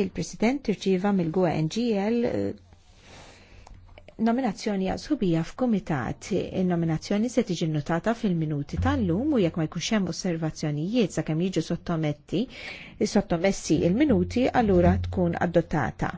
il-President irċieva mill-Gua e NGL eh, nominazzjoni għazubija f'komitat. Il-nominazzjoni se tiġi notata fil-minuti tal-lum u jekk ma jkunx hemm osservazzjonijiet sakemm jiġu sottometti sottomessi il-minuti allura tkun adottata.